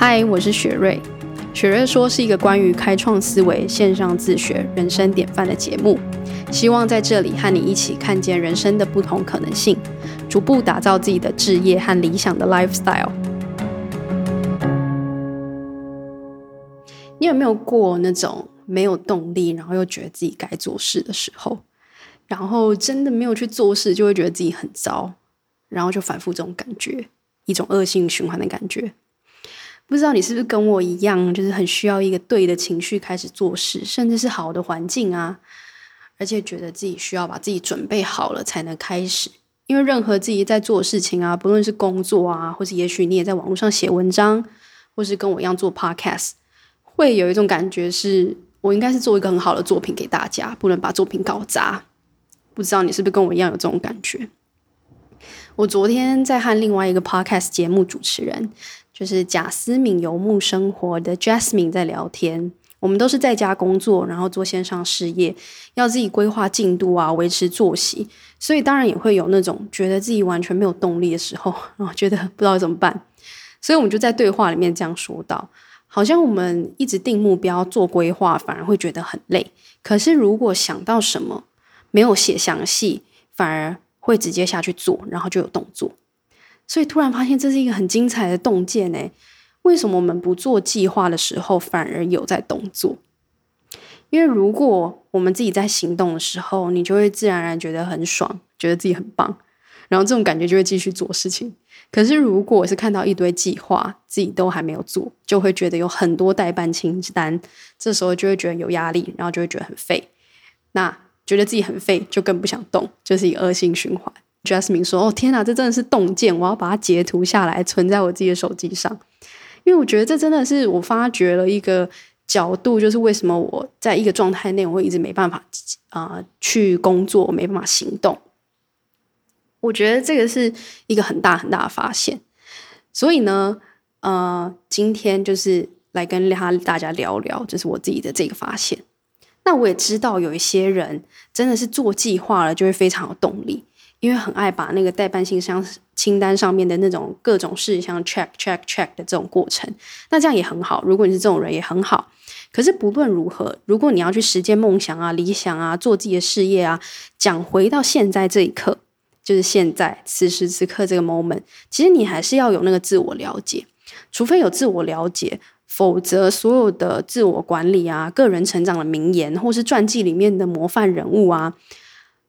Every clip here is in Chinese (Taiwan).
嗨，Hi, 我是雪瑞。雪瑞說是一個關於開創思維、線上自學、人生典範的節目，希望在這裡和你一起看見人生的不同可能性，逐步打造自己的志業和理想的 lifestyle。你有沒有過那種沒有動力，然後又覺得自己該做事的時候，然後真的沒有去做事，就會覺得自己很糟，然後就反覆這種感覺，一種惡性循環的感覺？不知道你是不是跟我一樣，就是很需要一個對的情緒開始做事，甚至是好的環境啊，而且覺得自己需要把自己準備好了才能開始。因為任何自己在做事情啊，不論是工作啊，或是也許你也在網絡上寫文章，或是跟我一樣做 Podcast，會有一種感覺是，我應該是做一個很好的作品給大家，不能把作品搞砸。不知道你是不是跟我一樣有這種感覺？我昨天在和另外一個 Podcast 節目主持人。就是甲思敏游牧生活的 Jasmine 在聊天，我們都是在家工作，然後做線上事業，要自己規劃進度啊，維持作息，所以當然也會有那種覺得自己完全沒有動力的時候，然後覺得不知道怎麼辦，所以我們就在對話裡面這樣說到，好像我們一直定目標做規劃，反而會覺得很累，可是如果想到什麼沒有寫詳細，反而會直接下去做，然後就有動作。所以突然發現這是一個很精彩的洞見耶。為什麼我們不做計劃的時候反而有在動作？因為如果我們自己在行動的時候，你就會自然而然覺得很爽，覺得自己很棒，然後這種感覺就會繼續做事情。可是如果是看到一堆計劃，自己都還沒有做，就會覺得有很多待辦清單，這時候就會覺得有壓力，然後就會覺得很廢。那覺得自己很廢，就更不想動，就是一個惡性循環。Jasmine 說：“哦，天吶，這真的是洞見！我要把它截圖下來，存在我自己的手機上，因為我覺得這真的是我發覺了一個角度，就是為什麼我在一個狀態內，我會一直沒辦法啊、呃、去工作，沒辦法行動。我覺得這個是一個很大很大的發現。所以呢，呃，今天就是來跟他大家聊聊，就是我自己的這個發現。那我也知道有一些人真的是做計劃了，就會非常有動力。”因為很愛把那個待辦事項清單上面的那種各種事項 check check check check 的這種過程，那這樣也很好。如果你是這種人也很好。可是不論如何，如果你要去實踐夢想啊、理想啊、做自己的事業啊，講回到現在這一刻，就是現在此時此刻這個 moment，其實你還是要有那個自我了解。除非有自我了解，否則所有的自我管理啊、個人成長的名言，或是傳記裡面的模範人物啊，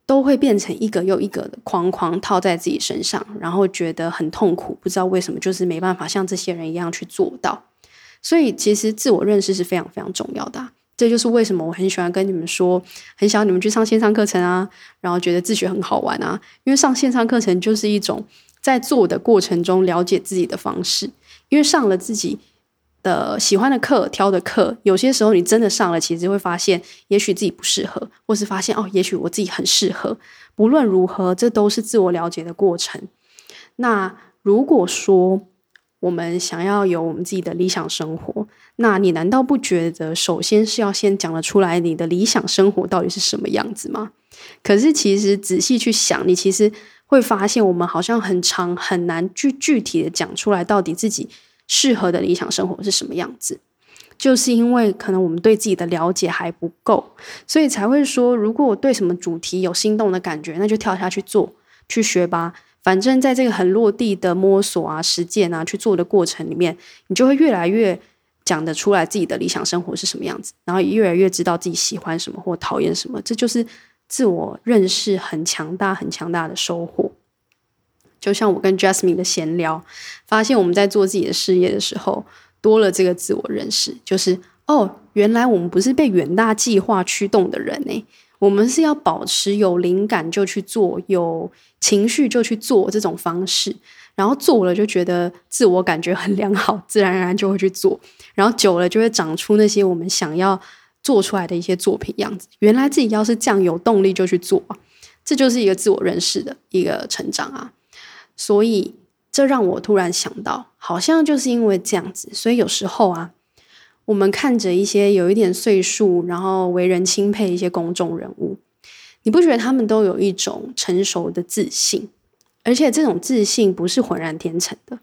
都會變成一個又一個的框框套在自己身上，然後覺得很痛苦，不知道為什麼，就是沒辦法像這些人一樣去做到。所以，其實自我認識是非常非常重要的啊。這就是為什麼我很喜歡跟你們說，很想你們去上線上課程啊，然後覺得自學很好玩啊，因為上線上課程就是一種在做的過程中了解自己的方式。因為上了自己。的喜歡的課，挑的課，有些時候你真的上了，其實會發現，也許自己不適合，或是發現哦，也許我自己很適合。不論如何，這都是自我了解的過程。那如果說我們想要有我們自己的理想生活，那你難道不覺得，首先是要先講得出來你的理想生活到底是什麼樣子嗎？可是其實仔細去想，你其實會發現，我們好像很長很難具具體的講出來，到底自己。適合的理想生活是什麼樣子？就是因為可能我們對自己的了解還不夠，所以才會說，如果我對什麼主題有心動的感覺，那就跳下去做，去學吧。反正在這個很落地的摸索啊、實踐啊、去做的過程裡面，你就會越來越講得出來自己的理想生活是什麼樣子，然後也越來越知道自己喜歡什麼或討厭什麼，這就是自我認識很強大、很強大的收穫。就像我跟 Jasmine 的閒聊，發現我們在做自己的事業的時候，多了這個自我認識，就是哦，原來我們不是被遠大計劃驅動的人呢，欸，我們是要保持有靈感就去做，有情緒就去做這種方式，然後做了就覺得自我感覺很良好，自然而然就會去做，然後久了就會長出那些我們想要做出來的一些作品樣子。原來自己要是這樣有動力就去做，啊，這就是一個自我認識的一個成長啊。所以，這讓我突然想到，好像就是因為這樣子，所以有時候啊，我們看着一些有一點歲數，然後為人欽佩一些公眾人物，你不覺得他們都有一種成熟的自信？而且這種自信不是渾然天成的，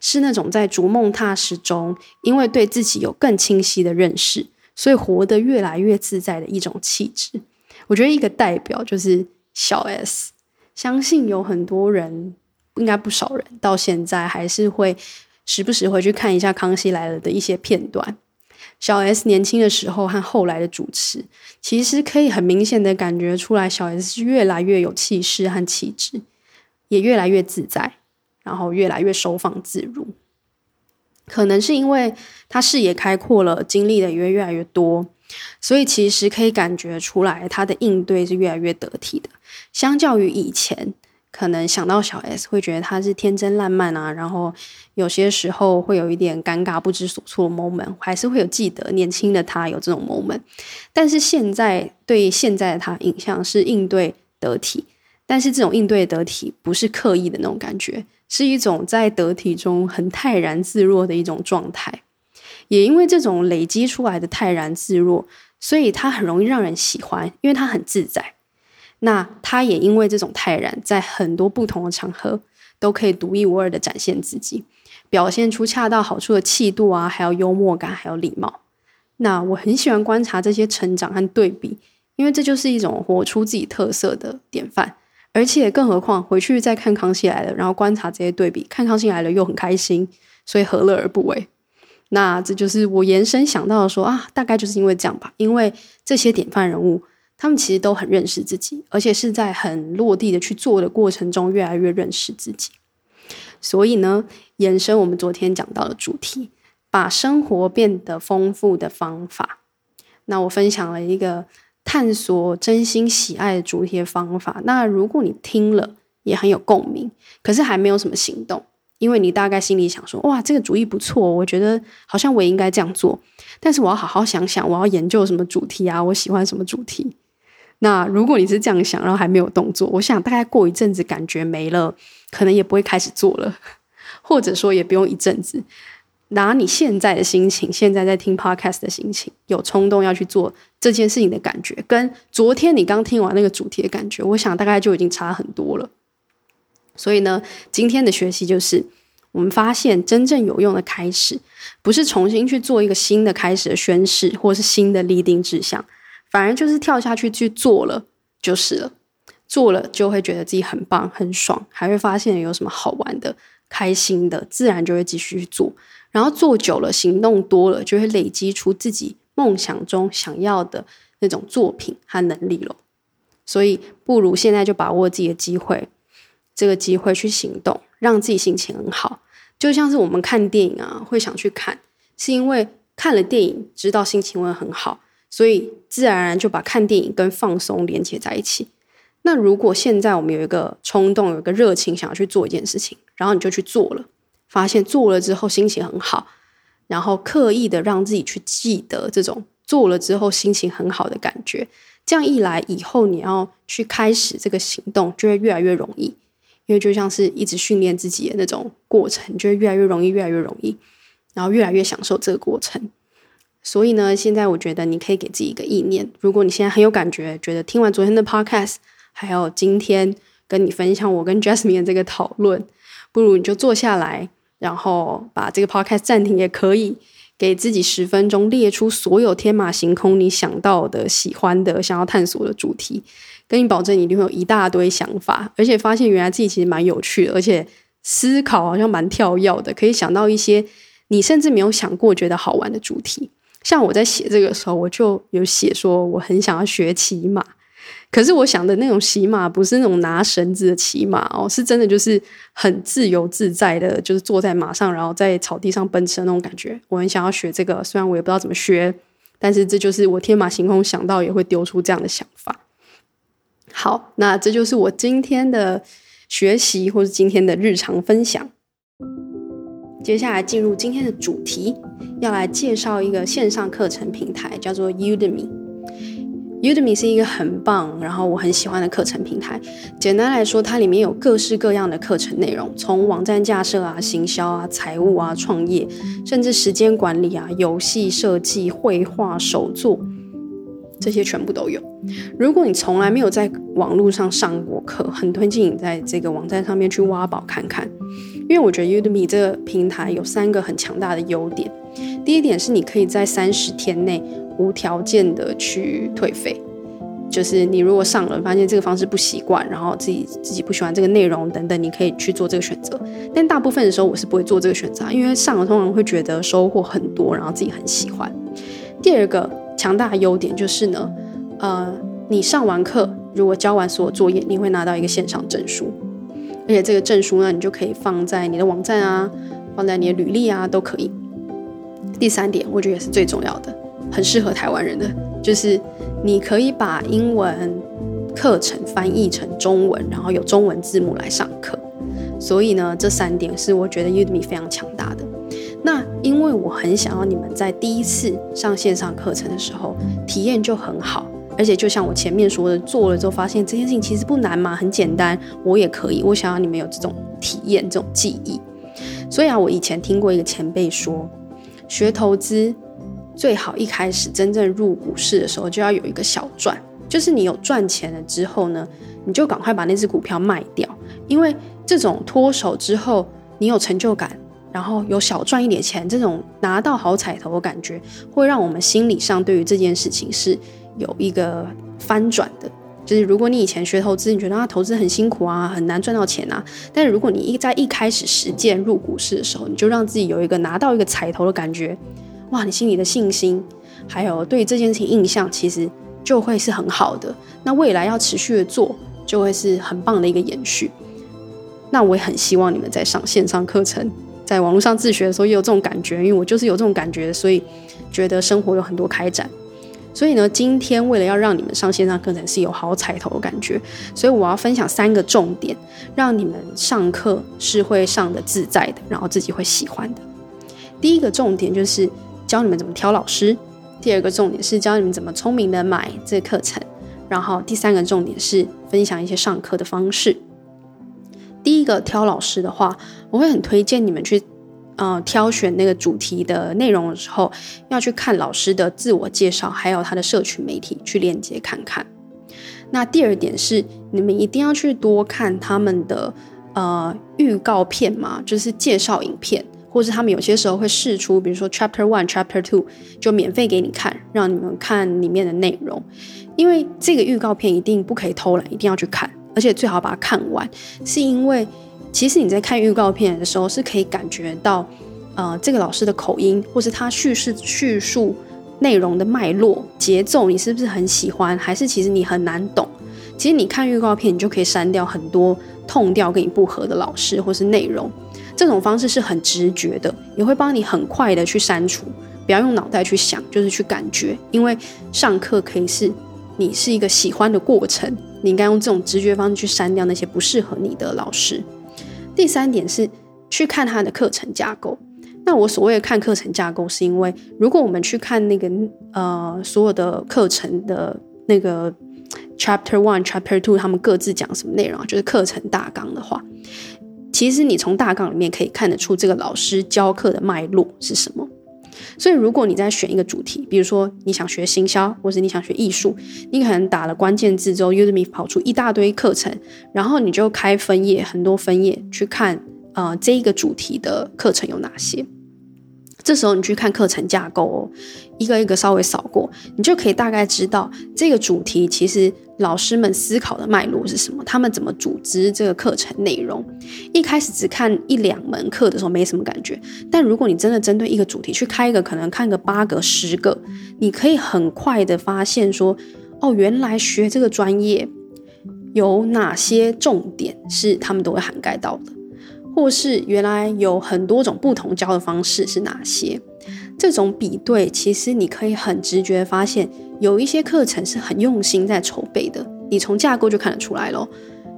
是那種在逐夢踏實中，因為對自己有更清晰的認識，所以活得越來越自在的一種氣質。我覺得一個代表就是小 S，相信有很多人。應該不少人到現在還是會時不時回去看一下《康熙來了》的一些片段。小 S 年輕的時候和後來的主持，其實可以很明顯的感覺出來，小 S 是越來越有氣勢和氣質，也越來越自在，然後越來越收放自如。可能是因為他視野開闊了，經歷的也越來越多，所以其實可以感覺出來，他的應對是越來越得體的，相較於以前。可能想到小 S 會覺得他是天真爛漫啊，然後有些時候會有一點尷尬不知所措的 moment，還是會有記得年輕的他有這種 moment，但是現在對現在的他的印象是應對得體，但是這種應對得體不是刻意的那種感覺，是一種在得體中很泰然自若的一種狀態，也因為這種累積出來的泰然自若，所以他很容易讓人喜歡，因為他很自在。那他也因為這種泰然，在很多不同的場合都可以獨一無二的展現自己，表現出恰到好處的氣度啊，還有幽默感，還有禮貌。那我很喜歡觀察這些成長和對比，因為這就是一種活出自己特色的典範。而且更何況回去再看康熙來了，然後觀察這些對比，看康熙來了又很開心，所以何樂而不為？那這就是我延伸想到的說，說啊，大概就是因為這樣吧，因為這些典範人物。他們其實都很認識自己，而且是在很落地的去做的過程中，越來越認識自己。所以呢，延伸我們昨天講到的主題，把生活變得豐富的方法。那我分享了一個探索真心喜愛的主題的方法。那如果你聽了也很有共鳴，可是還沒有什麼行動，因為你大概心裡想說：“哇，這個主意不錯，我覺得好像我也應該這樣做。”但是我要好好想想，我要研究什麼主題啊？我喜歡什麼主題？那如果你是這樣想，然後還沒有動作，我想大概過一陣子感覺沒了，可能也不會開始做了，或者說也不用一陣子，拿你現在的心情，現在在聽 Podcast 的心情，有衝動要去做這件事情的感覺，跟昨天你剛聽完那個主題的感覺，我想大概就已經差很多了。所以呢，今天的學習就是，我們發現真正有用的開始，不是重新去做一個新的開始的宣誓，或是新的立定志向。反正就是跳下去去做了就是了，做了就會覺得自己很棒，很爽，還會發現有什麼好玩的、開心的，自然就會繼續去做。然後做久了，行動多了，就會累積出自己夢想中想要的那種作品和能力了。所以不如現在就把握自己的機會，這個機會去行動，讓自己心情很好。就像是我們看電影啊，會想去看，是因為看了電影，知道心情會很好。所以，自然而然就把看電影跟放鬆連接在一起。那如果現在我們有一個衝動，有一個熱情，想要去做一件事情，然後你就去做了，發現做了之後心情很好，然後刻意的讓自己去記得這種做了之後心情很好的感覺，這樣一來，以後你要去開始這個行動就會越來越容易，因為就像是一直訓練自己的那種過程，就會越來越容易，越來越容易，然後越來越享受這個過程。所以呢，現在我覺得你可以給自己一個意念。如果你現在很有感覺，覺得聽完昨天的 podcast，還有今天跟你分享我跟 Jasmine 的這個討論，不如你就坐下來，然後把這個 podcast 暫停，也可以給自己十分鐘，列出所有天馬行空你想到的、喜歡的、想要探索的主題。跟你保證，你一定會有一大堆想法，而且發現原來自己其實蠻有趣的，而且思考好像蠻跳躍的，可以想到一些你甚至沒有想過、覺得好玩的主題。像我在寫這個時候，我就有寫說我很想要學騎馬，可是我想的那種騎馬不是那種拿繩子的騎馬哦，是真的就是很自由自在的，就是坐在馬上，然後在草地上奔馳的那種感覺。我很想要學這個，雖然我也不知道怎麼學，但是這就是我天馬行空想到也會丟出這樣的想法。好，那這就是我今天的學習或是今天的日常分享。接下來進入今天的主題。要來介紹一個線上課程平台，叫做 Udemy。Udemy 是一個很棒，然後我很喜歡的課程平台。簡單來說，它裡面有各式各樣的課程內容，從網站架設啊、行銷啊、財務啊、創業，甚至時間管理啊、遊戲設計、繪畫、手作，這些全部都有。如果你從來沒有在網絡上上過課，很推薦你在這個網站上面去挖寶看看，因為我覺得 Udemy 這個平台有三個很強大的優點。第一點是，你可以在三十天內無條件的去退費，就是你如果上了發現這個方式不習慣，然後自己自己不喜歡這個內容等等，你可以去做這個選擇。但大部分的時候我是不會做這個選擇，因為上了通常會覺得收穫很多，然後自己很喜歡。第二個強大的優點就是呢，呃，你上完課如果交完所有作業，你會拿到一個線上證書，而且這個證書呢，你就可以放在你的網站啊，放在你的履歷啊，都可以。第三點，我覺得也是最重要的，很適合台灣人的，就是你可以把英文課程翻譯成中文，然後有中文字幕來上課。所以呢，這三點是我覺得 Udemy 非常強大的。那因為我很想要你們在第一次上線上課程的時候體驗就很好，而且就像我前面說的，做了之後發現這件事情其實不難嘛，很簡單，我也可以。我想要你們有這種體驗、這種記憶。所以啊，我以前聽過一個前輩說，學投資，最好一開始真正入股市的時候就要有一個小賺，就是你有賺錢了之後呢，你就趕快把那隻股票賣掉，因為這種脫手之後，你有成就感，然後有小賺一點錢，這種拿到好彩頭的感覺，會讓我們心理上對於這件事情是有一個翻轉的。就是如果你以前學投資，你覺得他投資很辛苦啊，很難賺到錢啊。但是如果你一在一開始實踐入股市的時候，你就讓自己有一個拿到一個彩頭的感覺，哇！你心裡的信心，還有對這件事情印象，其實就會是很好的。那未來要持續的做，就會是很棒的一個延續。那我也很希望你們在上線上課程，在網絡上自學的時候也有這種感覺，因為我就是有這種感覺，所以覺得生活有很多開展。所以呢，今天為了要讓你們上線上課程是有好彩頭的感覺，所以我要分享三個重點，讓你們上課是會上得自在的，然後自己會喜歡的。第一個重點就是教你們怎麼挑老師，第二個重點是教你們怎麼聰明地買這個課程，然後第三個重點是分享一些上課的方式。第一個挑老師的話，我會很推薦你們去。呃，挑選那個主題的內容的時候，要去看老師的自我介紹，還有他的社群媒體去鏈接看看。那第二點是，你們一定要去多看他們的呃預告片嘛，就是介紹影片，或是他們有些時候會釋出，比如說 Ch 1, Chapter One、Chapter Two 就免費給你看，讓你們看裡面的內容。因為這個預告片一定不可以偷懶，一定要去看，而且最好把它看完，是因為。其實你在看預告片的時候，是可以感覺到，呃，這個老師的口音，或是他敘事敘述內容的脈絡、節奏，你是不是很喜歡？還是其實你很難懂？其實你看預告片，你就可以刪掉很多痛調跟你不合的老師或是內容。這種方式是很直覺的，也會幫你很快的去刪除，不要用腦袋去想，就是去感覺。因為上課可以是你是一個喜歡的過程，你應該用這種直覺方式去刪掉那些不適合你的老師。第三點是去看他的課程架構。那我所謂的看課程架構，是因為如果我們去看那個呃所有的課程的那個 chapter one、chapter two，他們各自講什麼內容，就是課程大綱的話，其實你從大綱裡面可以看得出這個老師教課的脈絡是什麼。所以，如果你在選一個主題，比如說你想學行銷，或是你想學藝術，你可能打了關鍵字之後，Udemy 跑出一大堆課程，然後你就開分頁，很多分頁去看，呃，這一個主題的課程有哪些。這時候你去看課程架構，哦，一個一個稍微掃過，你就可以大概知道這個主題其實。老師們思考的脈絡是什麼？他們怎麼組織這個課程內容？一開始只看一兩門課的時候沒什麼感覺，但如果你真的針對一個主題去開一個，可能看個八個、十個，你可以很快的發現說，哦，原來學這個專業有哪些重點是他們都會涵蓋到的，或是原來有很多種不同教的方式是哪些？這種比對，其實你可以很直覺發現，有一些課程是很用心在籌備的，你從架構就看得出來咯，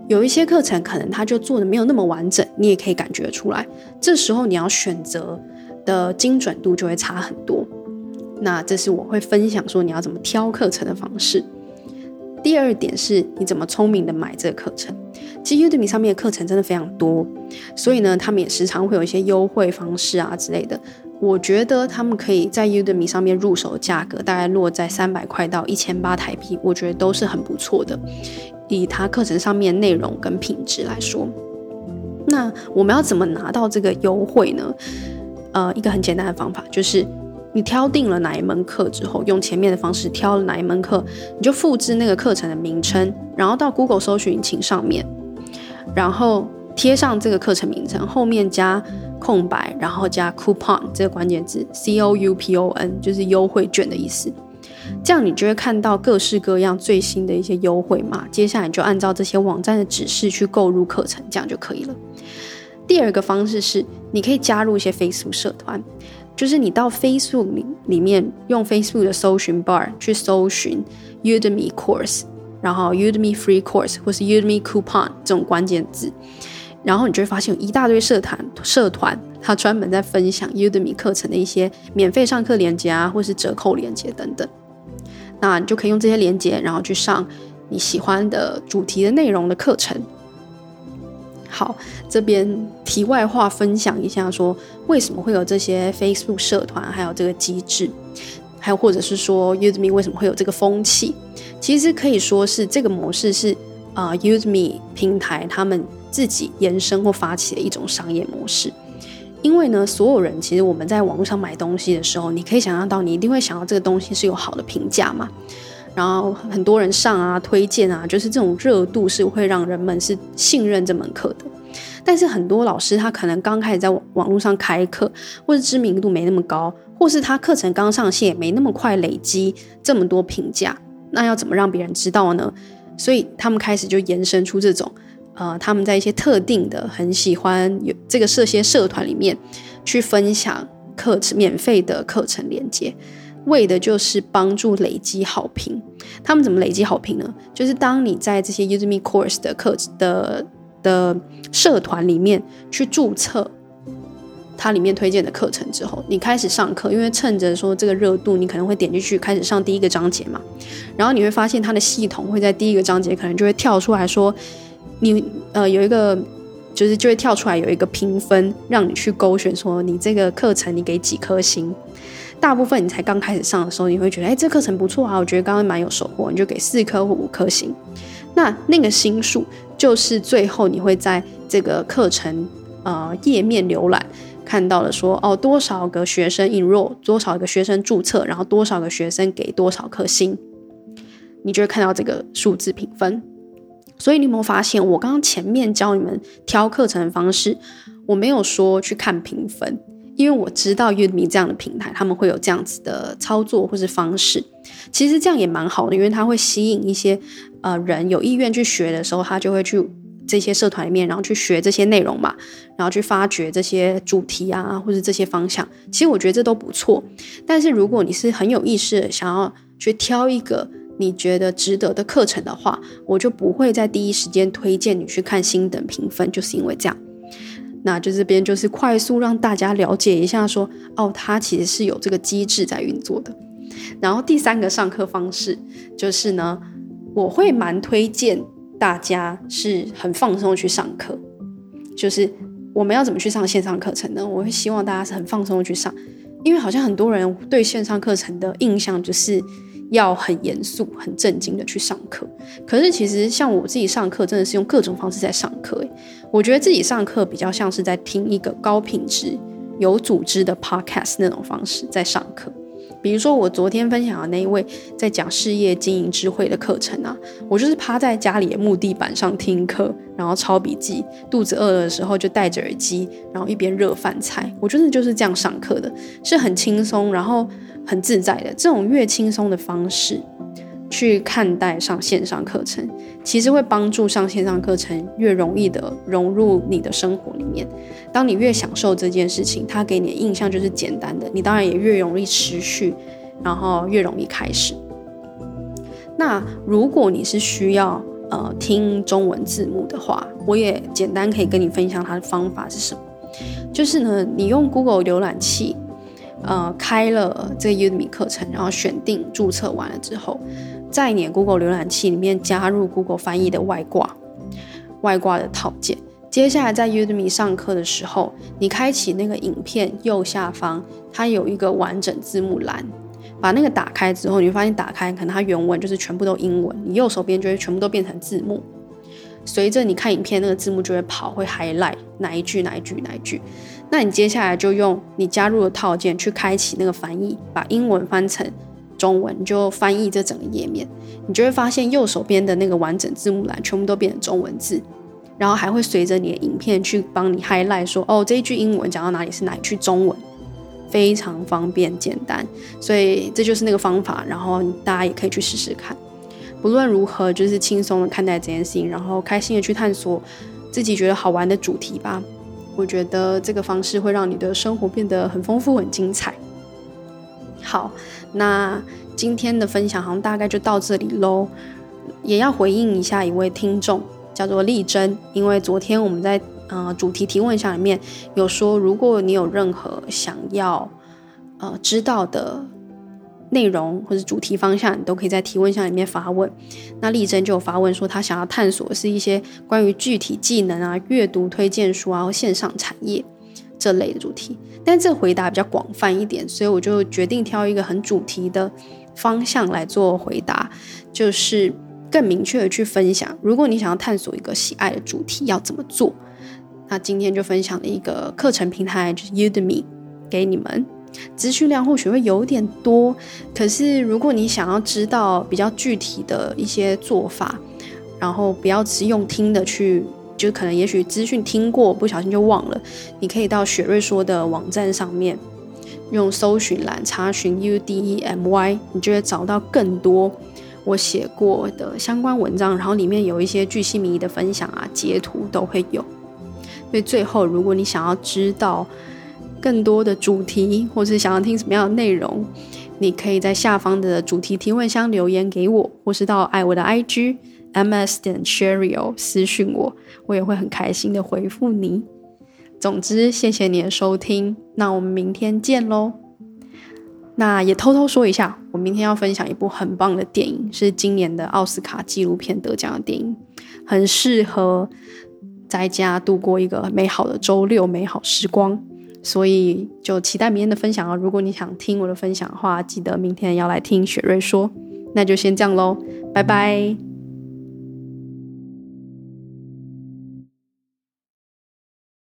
有一些課程可能它就做得沒有那麼完整，你也可以感覺出來。這時候你要選擇的精準度就會差很多。那這是我會分享說你要怎麼挑課程的方式。第二點是，你怎麼聰明的買這個課程？其實 Udemy 上面的課程真的非常多，所以呢，他們也時常會有一些優惠方式啊之類的。我覺得他們可以在 Udemy 上面入手價格，大概落在三百塊到一千八台幣，我覺得都是很不錯的。以他課程上面的內容跟品質來說，那我們要怎麼拿到這個優惠呢？呃，一個很簡單的方法就是。你挑定了哪一門課之後，用前面的方式挑了哪一門課，你就複製那個課程的名稱，然後到 Google 搜尋引擎上面，然後貼上這個課程名稱後面加空白，然後加 coupon 這個關鍵字，C-O-U-P-O-N 就是優惠券的意思，這樣你就會看到各式各樣最新的一些優惠嘛。接下來你就按照這些網站的指示去購入課程，這樣就可以了。第二個方式是，你可以加入一些 Facebook 社團。就是你到 Facebook 裡面用 Facebook 的搜尋 bar 去搜尋 Udemy course，然後 Udemy free course 或是 Udemy coupon 這種關鍵字，然後你就會發現有一大堆社團社團，它專門在分享 Udemy 課程的一些免費上課鏈接啊，或是折扣鏈接等等。那你就可以用這些鏈接，然後去上你喜歡的主題的內容的課程。好，這邊題外話分享一下，說為什麼會有這些 Facebook 社團，還有這個機制，還有或者是說 Udemy 為什麼會有這個風氣？其實可以說是這個模式是啊 Udemy 平台他們自己延伸或發起的一種商業模式。因為呢，所有人其實我們在網絡上買東西的時候，你可以想象到，你一定會想到這個東西是有好的評價嘛。然後很多人上啊，推薦啊，就是這種熱度是會讓人們是信任這門課的。但是很多老師他可能剛開始在網網絡上開課，或者知名度沒那麼高，或是他課程剛上線也沒那麼快累積這麼多評價，那要怎麼讓別人知道呢？所以他們開始就延伸出這種，呃，他們在一些特定的很喜歡有這個社些社團裡面去分享課程，免費的課程鏈接，為的就是幫助累積好評。他們怎麼累積好評呢？就是當你在這些 Udemy Course 的課的的社團裡面去注冊，它裡面推薦的課程之後，你開始上課，因為趁着說這個熱度，你可能會點進去開始上第一個章節嘛。然後你會發現它的系統會在第一個章節可能就會跳出來說你，你呃有一個就是就會跳出來有一個評分，讓你去勾選說你這個課程你給幾顆星。大部分，你才剛開始上的時候，你會覺得哎，這課程不錯啊，我覺得剛剛蠻有收穫，你就給四顆或五顆星。那那個星數就是最後你會在這個課程呃頁面瀏覽看到的，說哦多少個學生引入多少個學生注冊，然後多少個學生給多少顆星，你就會看到這個數字評分。所以你有沒有發現，我剛剛前面教你們挑課程的方式，我沒有說去看評分。因為我知道 Udemy 這樣的平台，他們會有這樣子的操作或是方式，其實這樣也蠻好的，因為它會吸引一些呃人有意願去學的時候，他就會去這些社團裡面，然後去學這些內容嘛，然後去發掘這些主題啊，或者這些方向。其實我覺得這都不錯，但是如果你是很有意識的想要去挑一個你覺得值得的課程的話，我就不會在第一時間推薦你去看星等評分，就是因為這樣。那就這邊就是快速讓大家了解一下說，說哦，它其實是有這個機制在運作的。然後第三個上課方式就是呢，我會蠻推薦大家是很放鬆去上課。就是我們要怎麼去上線上課程呢？我會希望大家是很放鬆去上，因為好像很多人對線上課程的印象就是。要很嚴肅、很正經的去上課，可是其實像我自己上課，真的是用各種方式在上課、欸。我覺得自己上課比較像是在聽一個高品質、有組織的 podcast 那種方式在上課。比如說我昨天分享的那一位在講事業經營智慧的課程啊，我就是趴在家裡的木地板上聽課，然後抄筆記，肚子餓的時候就戴着耳機，然後一邊熱飯菜。我真的就是這樣上課的，是很輕鬆，然後。很自在的這種越輕鬆的方式去看待上線上課程，其實會幫助上線上課程越容易的融入你的生活裡面。當你越享受這件事情，它給你的印象就是簡單的，你當然也越容易持續，然後越容易開始。那如果你是需要呃聽中文字幕的話，我也簡單可以跟你分享它的方法是什麼，就是呢，你用 Google 瀏覽器，呃，開了這個 Udemy 課程，然後選定、註冊完了之後，在你 Google 瀏覽器裡面加入 Google 翻譯的外掛、外掛的套件。接下來在 Udemy 上課的時候，你開啟那個影片右下方，它有一個完整字幕欄。把那個打開之後，你會發現打開可能它原文就是全部都英文，你右手邊就會全部都變成字幕。隨着你看影片，那個字幕就會跑，會 highlight 哪一句、哪一句、哪一句。那你接下來就用你加入的套件去開啟那個翻譯，把英文翻成中文，你就翻譯這整個頁面，你就會發現右手邊的那個完整字幕欄全部都變成中文字，然後還會隨着你的影片去幫你 highlight 說哦，這一句英文講到哪裡是哪一句中文，非常方便簡單，所以這就是那個方法，然後大家也可以去試試看。不論如何，就是輕鬆的看待這件事情，然後開心的去探索自己覺得好玩的主題吧。我覺得這個方式會讓你的生活變得很豐富、很精彩。好，那今天的分享好像大概就到這裡嘍。也要回應一下一位聽眾，叫做麗珍，因為昨天我們在呃主題提問箱，裡面有說，如果你有任何想要呃知道的。內容或者主題方向，你都可以在提問箱裡面發問。那麗珍就有發問說，她想要探索的是一些關於具體技能啊、閱讀推薦書啊、線上產業這類的主題。但這個回答比較廣泛一點，所以我就決定挑一個很主題的方向來做回答，就是更明確的去分享。如果你想要探索一個喜愛的主題要怎麼做，那今天就分享了一個課程平台，就是 Udemy 給你們。資訊量或許會有點多，可是如果你想要知道比較具體的一些做法，然後不要只用聽的去，就可能也許資訊聽過不小心就忘了，你可以到雪瑞說的網站上面用搜尋欄查詢 U D E M Y，你就會找到更多我寫過的相關文章，然後裡面有一些巨細靡遺的分享啊，截圖都會有。所以最後，如果你想要知道。更多的主題，或是想要聽什麼樣的內容，你可以在下方的主題提問箱留言給我，或是到愛我的 IG MS 點 sherriel 私信我，我也會很開心的回復你。總之，謝謝你的收聽，那我們明天見嘍。那也偷偷說一下，我明天要分享一部很棒的電影，是今年的奧斯卡紀錄片得獎的電影，很適合在家度過一個美好的週六美好時光。所以就期待明天的分享哦。如果你想聽我的分享的話，記得明天要來聽雪瑞說。那就先這樣嘍，拜拜。